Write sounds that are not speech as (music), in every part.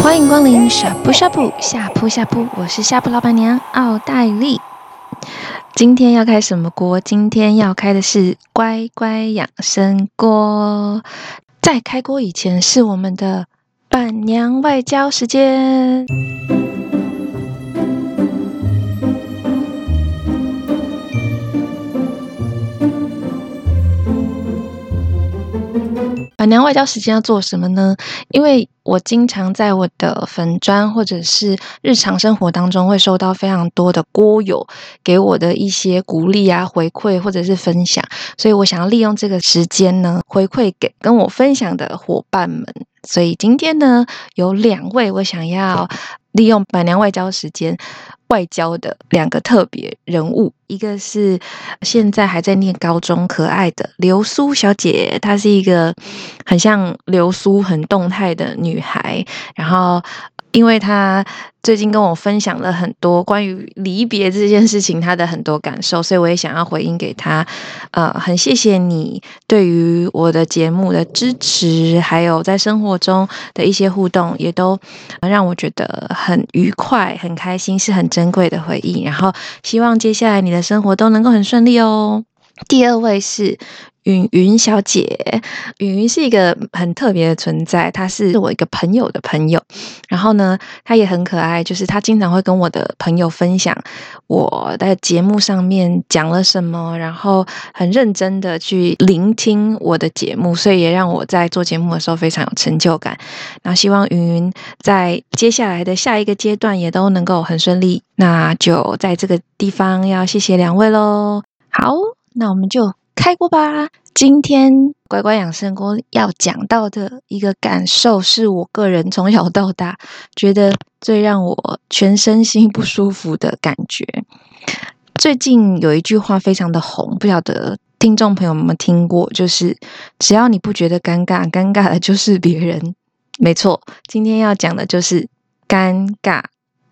歡迎光臨呷哺呷哺呷哺呷哺，我是呷哺老闆娘奧黛麗。今天要開什麼鍋？今天要開的是乖乖養生鍋。在開鍋以前是我們的板娘外交時間。闆、啊、娘外交時間要做什麼呢？因為我經常在我的粉專，或者是日常生活當中，會收到非常多的鍋友給我的一些鼓勵啊、回饋或者是分享，所以我想要利用這個時間呢，回饋給跟我分享的夥伴們。所以今天呢，有兩位我想要。利用闆娘外交時間，外交的兩個特別人物，一個是現在還在念高中可愛的流蘇小姐，她是一個很像流蘇、很動態的女孩，然後。因為他最近跟我分享了很多關於離別這件事情，他的很多感受，所以我也想要回應給他。呃，很謝謝你對於我的節目的支持，還有在生活中的一些互動，也都讓我覺得很愉快、很開心，是很珍貴的回憶。然後希望接下來你的生活都能夠很順利哦。第二位是。雲雲小姐，雲雲是一個很特別的存在，她是我一個朋友的朋友，然後呢，她也很可愛，就是她經常會跟我的朋友分享我在節目上面講了什麼，然後很認真的去聆聽我的節目，所以也讓我在做節目的時候非常有成就感。然後希望雲雲在接下來的下一個階段也都能夠很順利。那就在這個地方要謝謝兩位嘍。好，那我們就。開鍋吧！今天乖乖養生鍋要講到的一個感受，是我個人從小到大覺得最讓我全身心不舒服的感覺。最近有一句話非常的紅，不曉得聽眾朋友們有沒有聽過，就是只要你不覺得尷尬，尷尬的就是別人。沒錯，今天要講的就是尷尬。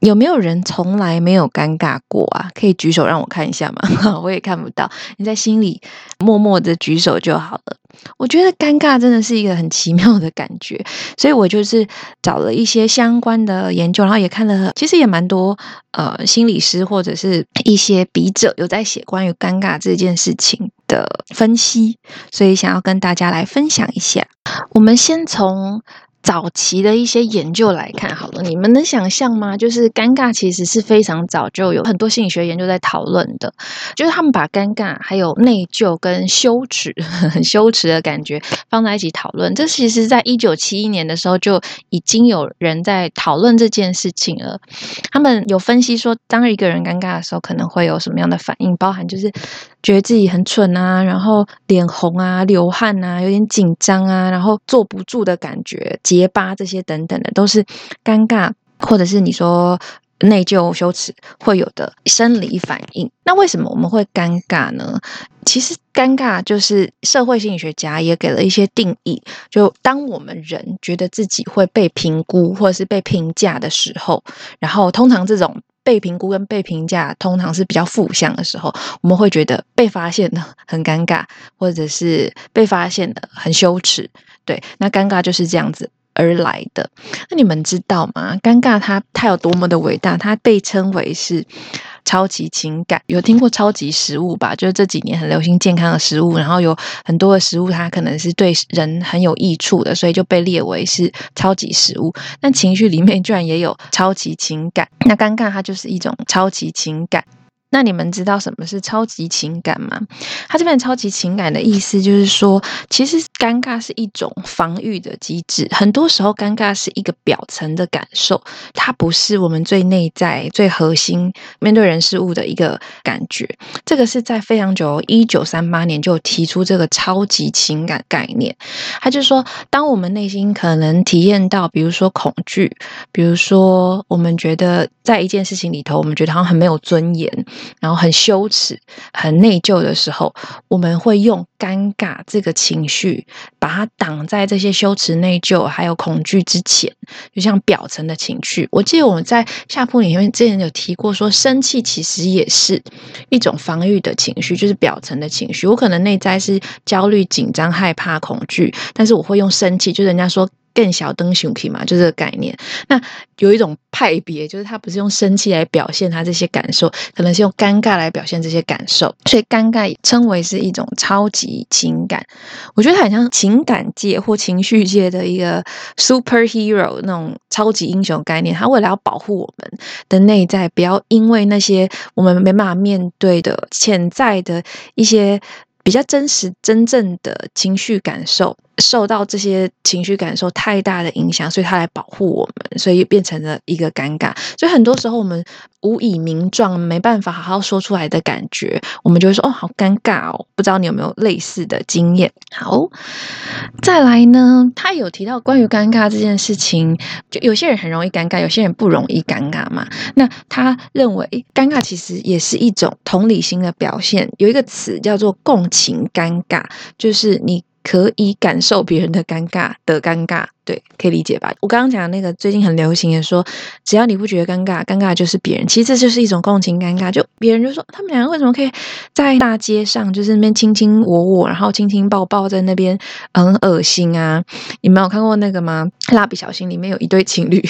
有沒有人從來沒有尷尬過啊？可以舉手讓我看一下嗎？ (laughs) 我也看不到，你在心裡默默的舉手就好了。我覺得尷尬真的是一個很奇妙的感覺，所以我就是找了一些相關的研究，然後也看了，其實也蠻多呃心理師或者是一些筆者有在寫關於尷尬這件事情的分析，所以想要跟大家來分享一下。我們先從。早期的一些研究來看，好了，你們能想象嗎？就是尷尬其實是非常早就有很多心理學研究在討論的，就是他們把尷尬、還有內疚跟羞恥、很羞恥的感覺放在一起討論。這其實，在一九七一年的時候就已經有人在討論這件事情了。他們有分析說，當一個人尷尬的時候，可能會有什麼樣的反應，包含就是。覺得自己很蠢啊，然後臉紅啊，流汗啊，有點緊張啊，然後坐不住的感覺，結巴這些等等的，都是尷尬，或者是你說內疚、羞恥會有的生理反應。那為什麼我們會尷尬呢？其實尷尬就是社會心理學家也給了一些定義，就當我們人覺得自己會被評估或者是被評價的時候，然後通常這種。被評估跟被評價通常是比較負向的時候，我們會覺得被發現的很尷尬，或者是被發現的很羞恥，對，那尷尬就是這樣子。而來的，那你們知道嗎？尷尬它，它它有多麼的偉大？它被稱為是超級情感。有聽過超級食物吧？就是這幾年很流行健康的食物，然後有很多的食物它可能是對人很有益處的，所以就被列為是超級食物。但情緒裡面居然也有超級情感，那尷尬它就是一種超級情感。那你們知道什麼是超級情感嗎？它這邊超級情感的意思就是說，其實尷尬是一種防禦的機制。很多時候，尷尬是一個表層的感受，它不是我們最內在、最核心面對人事物的一個感覺。這個是在非常久，一九三八年就提出這個超級情感概念。它就是說，當我們內心可能體驗到，比如說恐懼，比如說我們覺得在一件事情裡頭，我們覺得好像很沒有尊嚴。然後很羞恥、很內疚的時候，我們會用尷尬這個情緒，把它擋在這些羞恥、內疚還有恐懼之前，就像表層的情緒。我記得我們在下鋪裡面之前有提過說，說生氣其實也是一種防御的情緒，就是表層的情緒。我可能內在是焦慮、緊張、害怕、恐懼，但是我會用生氣，就是，人家說。更小燈熊體嘛，就這個概念。那有一種派別，就是他不是用生氣來表現他這些感受，可能是用尷尬來表現這些感受。所以尷尬稱為是一種超級情感。我覺得它很像情感界或情緒界的一個 superhero 那種超級英雄概念。他為了要保護我們的內在，不要因為那些我們沒辦法面對的潛在的一些比較真實、真正的情緒感受。受到這些情緒感受太大的影響，所以他來保護我們，所以變成了一個尷尬。所以很多時候我們無以名狀，沒辦法好好說出來的感覺，我們就會說：“哦，好尷尬哦！”不知道你有沒有類似的經驗？好，再來呢，他有提到關於尷尬這件事情，就有些人很容易尷尬，有些人不容易尷尬嘛。那他認為尷尬其實也是一種同理心的表現，有一個詞叫做“共情尷尬”，就是你。可以感受別人的尷尬的尷尬，對，可以理解吧？我剛剛講的那個最近很流行的說，只要你不覺得尷尬，尷尬就是別人。其實這就是一種共情尷尬，就別人就說他們兩個為什麼可以在大街上就是那邊卿卿我我，然後親親抱抱在那邊很噁心啊？你們有看過那個嗎？蠟筆小新裡面有一對情侶，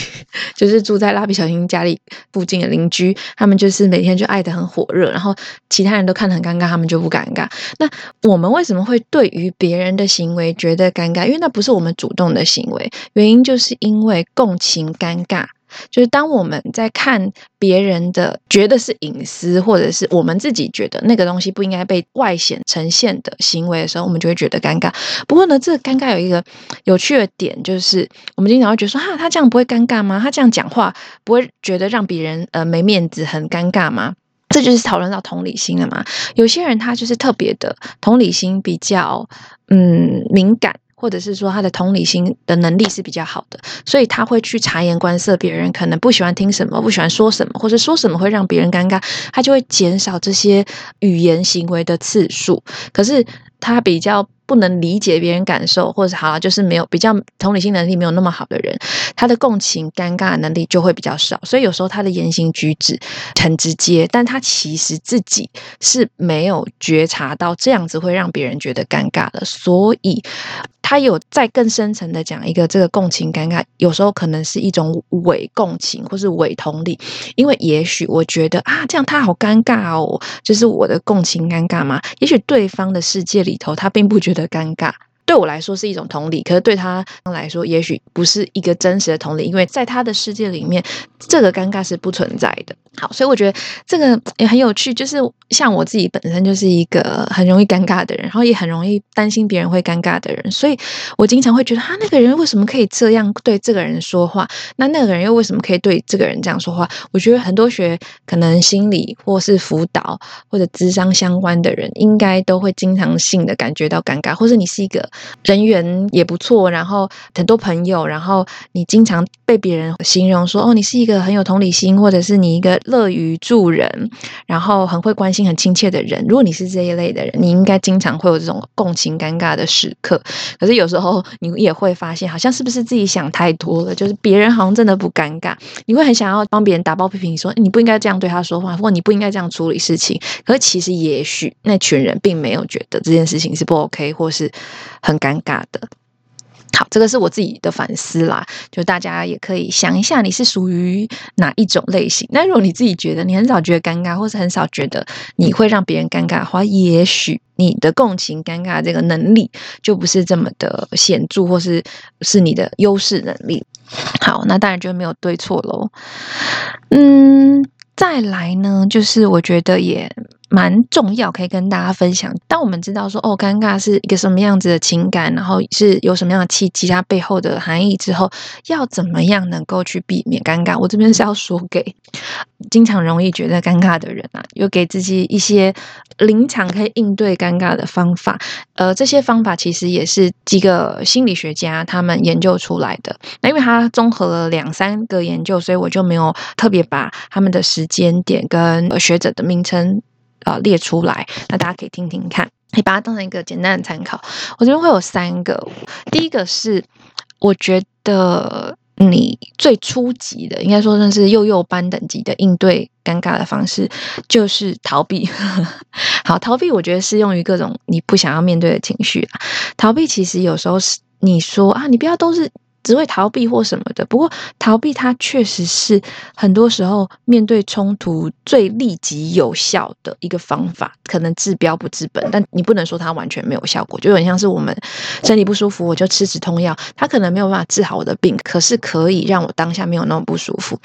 就是住在蠟筆小新家裡附近的鄰居，他們就是每天就愛得很火熱，然後其他人都看得很尷尬，他們就不尷尬。那我們為什麼會對於別人的？行為覺得尷尬，因為那不是我們主動的行為，原因就是因為共情尷尬，就是當我們在看別人的覺得是隱私，或者是我們自己覺得那個東西不應該被外顯呈現的行為的時候，我們就會覺得尷尬。不過呢，這尷尬有一個有趣的點，就是我們經常會覺得說：“哈、啊，他這樣不會尷尬嗎？他這樣講話不會覺得讓別人呃沒面子很尷尬嗎？”這就是討論到同理心了嘛。有些人他就是特別的同理心比較。嗯，敏感，或者是說他的同理心的能力是比較好的，所以他會去察言觀色，別人可能不喜歡聽什麼，不喜歡說什麼，或者說什麼會讓別人尷尬，他就會減少這些語言行為的次數。可是。他比較不能理解別人感受，或者好像就是沒有比較同理心能力沒有那麼好的人，他的共情尷尬能力就會比較少，所以有時候他的言行舉止很直接，但他其實自己是沒有覺察到這樣子會讓別人覺得尷尬的。所以，他有再更深層的講一個這個共情尷尬，有時候可能是一種偽共情或是偽同理，因為也許我覺得啊，這樣他好尷尬哦，就是我的共情尷尬嘛。也許對方的世界裡。裡頭，他並不覺得尷尬。對我來說是一種同理，可是對他來說也許不是一個真實的同理，因為在他的世界裡面，這個尷尬是不存在的。好，所以我覺得這個也很有趣，就是像我自己本身就是一個很容易尷尬的人，然後也很容易擔心別人會尷尬的人，所以我經常會覺得，啊，那個人為什麼可以這樣對這個人說話？那那個人又為什麼可以對這個人這樣說話？我覺得很多學可能心理或是輔導或者諮商相關的人，應該都會經常性的感覺到尷尬，或者你是一個。人緣也不錯，然後很多朋友，然後你經常，被別人形容說：“哦，你是一個很有同理心，或者是你一個樂於助人，然後很會關心、很親切的人。”如果你是這一類的人，你應該經常會有這種共情尷尬的時刻。可是有時候你也會發現，好像是不是自己想太多了？就是別人好像真的不尷尬，你會很想要幫別人打抱不平，說：“你不應該這樣對他說話，或你不應該這樣處理事情。”可是其實，也許那群人並沒有覺得這件事情是不 OK，或是很尷尬的。好，這個是我自己的反思啦，就大家也可以想一下，你是屬於哪一種類型。那如果你自己覺得你很少覺得尷尬，或是很少覺得你會讓別人尷尬的話，也許你的共情尷尬這個能力就不是這麼的顯著，或是是你的優勢能力。好，那當然就沒有對錯嘍。嗯，再來呢，就是我覺得也。蠻重要，可以跟大家分享。當我們知道說，哦，尷尬是一個什麼樣子的情感，然後是有什麼樣的契機，它背後的含義之後，要怎麼樣能夠去避免尷尬？我這邊是要說給經常容易覺得尷尬的人啊，有給自己一些臨場可以應對尷尬的方法。呃，這些方法其實也是幾個心理學家他們研究出來的。那因為他綜合了兩三個研究，所以我就沒有特別把他們的時間點跟學者的名稱。呃，列出來，那大家可以聽聽看，可以把它當成一個簡單的參考。我這邊會有三個，第一個是我覺得你最初級的，應該說算是幼幼班等級的應對尷尬的方式，就是逃避。 (laughs) 好，逃避我覺得適用於各種你不想要面對的情緒啊。逃避其實有時候是你說啊，你不要都是。只會逃避或什麼的，不過逃避它確實是很多時候面對衝突最立即有效的一個方法。可能治標不治本，但你不能說它完全沒有效果。就很像是我們身體不舒服，我就吃止痛藥，它可能沒有辦法治好我的病，可是可以讓我當下沒有那麼不舒服。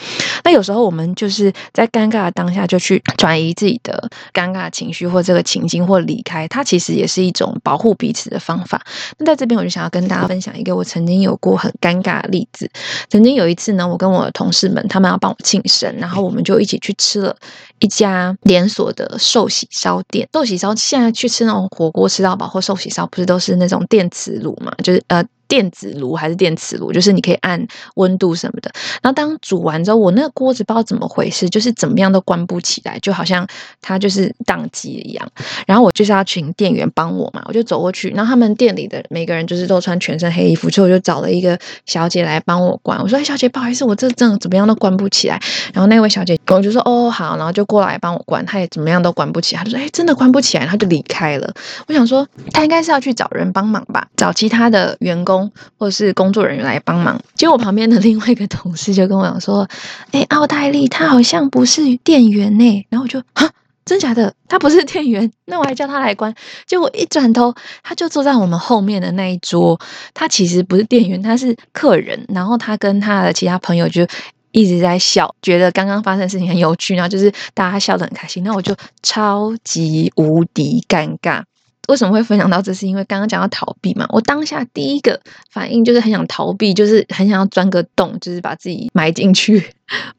那有時候我們就是在尷尬的當下就去轉移自己的尷尬情緒，或這個情境，或離開，它其實也是一種保護彼此的方法。那在這邊我就想要跟大家分享一個我曾經有過很。尷尬的例子，曾經有一次呢，我跟我的同事們，他們要幫我慶生，然後我們就一起去吃了一家連鎖的壽喜燒店。壽喜燒現在去吃那種火鍋吃到飽或壽喜燒，不是都是那種電磁爐嘛？就是呃。電子爐還是電磁爐，就是你可以按溫度什麼的。然後當煮完之後，我那個鍋子不知道怎麼回事，就是怎麼樣都關不起來，就好像它就是宕機一樣。然後我就是要請店員幫我嘛，我就走過去，然後他們店裡的每個人就是都穿全身黑衣服。之後我就找了一個小姐來幫我關，我說：“哎，小姐，不好意思，我這真的怎麼樣都關不起來。”然後那位小姐跟我說：“哦，好。”然後就過來幫我關，她也怎麼樣都關不起來，他就說：“哎，真的關不起來。”然後就離開了。我想說，她應該是要去找人幫忙吧，找其他的員工。工或是工作人員來幫忙。結果我旁邊的另外一個同事就跟我講說：“哎、欸，奧黛麗，他好像不是店員呢。”然後我就：“哈，真假的？他不是店員？那我還叫他來關？”結果一轉頭，他就坐在我們後面的那一桌。他其實不是店員，他是客人。然後他跟他的其他朋友就一直在笑，覺得剛剛發生的事情很有趣，然後就是大家笑得很開心。那我就超級無敵尷尬。為什麼會分享到這，是因為剛剛講到逃避嘛，我當下第一個反應就是很想逃避，就是很想要鑽個洞，就是把自己埋進去，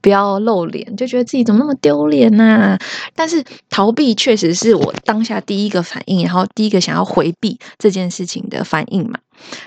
不要露臉，就覺得自己怎麼那麼丟臉呢、啊？但是逃避確實是我當下第一個反應，然後第一個想要回避這件事情的反應嘛。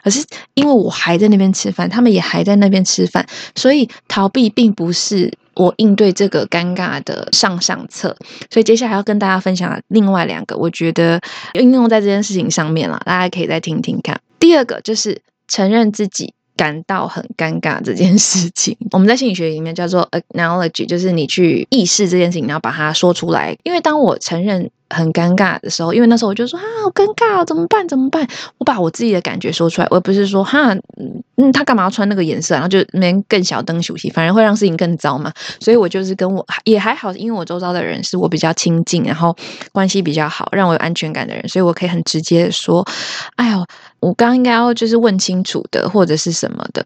可是因為我還在那邊吃飯，他們也還在那邊吃飯，所以逃避並不是。我應對這個尷尬的上上策，所以接下來要跟大家分享的另外兩個，我覺得應用在這件事情上面了，大家可以再聽聽看。第二個就是承認自己，感到很尷尬這件事情，我們在心理學裡面叫做 acknowledge，就是你去意識這件事情，然後把它說出來。因為當我承認很尷尬的時候，因為那時候我就說啊，好尷尬，怎麼辦？怎麼辦？我把我自己的感覺說出來，我不是說哈，嗯，他幹嘛要穿那個顏色，然後就能更小燈熟悉，反而會讓事情更糟嘛。所以我就是跟我也還好，因為我周遭的人是我比較親近，然後關係比較好，讓我有安全感的人，所以我可以很直接的說，哎呦。我剛應該要就是問清楚的，或者是什麼的，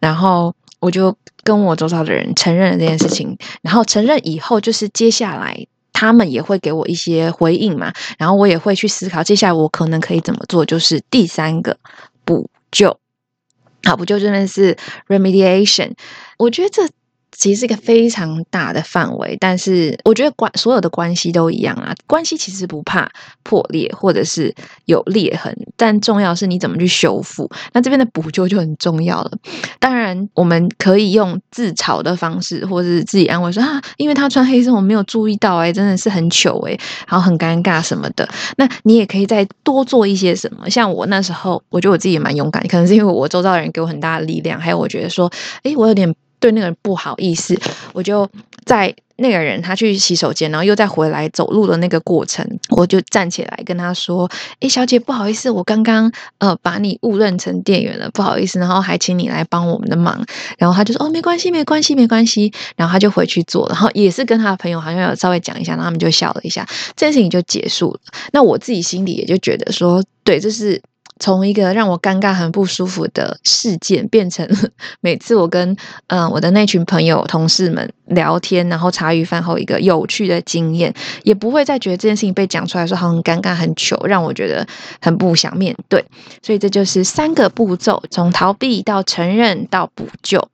然後我就跟我周遭的人承認了這件事情，然後承認以後，就是接下來他們也會給我一些回應嘛，然後我也會去思考接下來我可能可以怎麼做，就是第三個補救，好補救真的是 remediation，我覺得這。其實是一個非常大的範圍，但是我覺得關所有的關係都一樣啊。關係其實不怕破裂或者是有裂痕，但重要是你怎麼去修復。那這邊的補救就很重要了。當然，我們可以用自嘲的方式，或者是自己安慰說啊，因為他穿黑色，我沒有注意到、欸，哎，真的是很糗、欸，誒，然後很尷尬什麼的。那你也可以再多做一些什麼。像我那時候，我覺得我自己也蠻勇敢，可能是因為我周遭的人給我很大的力量，還有我覺得說，哎、欸，我有點。對那個人不好意思，我就在那個人他去洗手間，然後又再回來走路的那個過程，我就站起來跟他說：“誒，小姐，不好意思，我剛剛呃把你誤認成店員了，不好意思。”然後還請你來幫我們的忙。然後他就說：“哦，沒關係，沒關係，沒關係。”然後他就回去做了。然後也是跟他的朋友好像有稍微講一下，然後他們就笑了一下，這件事情就結束了。那我自己心裡也就覺得說，對，這是。從一個讓我尷尬、很不舒服的事件，變成每次我跟嗯、呃、我的那群朋友、同事們聊天，然後茶餘飯後一個有趣的經驗，也不會再覺得這件事情被講出來，說很尷尬、很糗，讓我覺得很不想面對。所以這就是三個步驟：從逃避到承認到補救。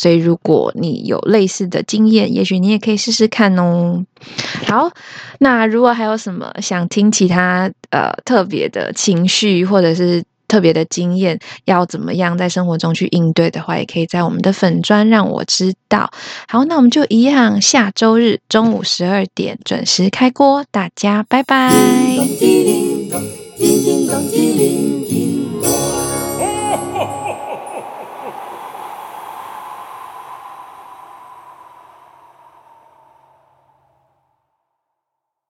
所以，如果你有類似的經驗，也許你也可以試試看哦。好，那如果還有什麼想聽其他呃特別的情緒，或者是特別的經驗，要怎麼樣在生活中去應對的話，也可以在我們的粉專讓我知道。好，那我們就一樣，下周日中午十二點準時開鍋，大家拜拜。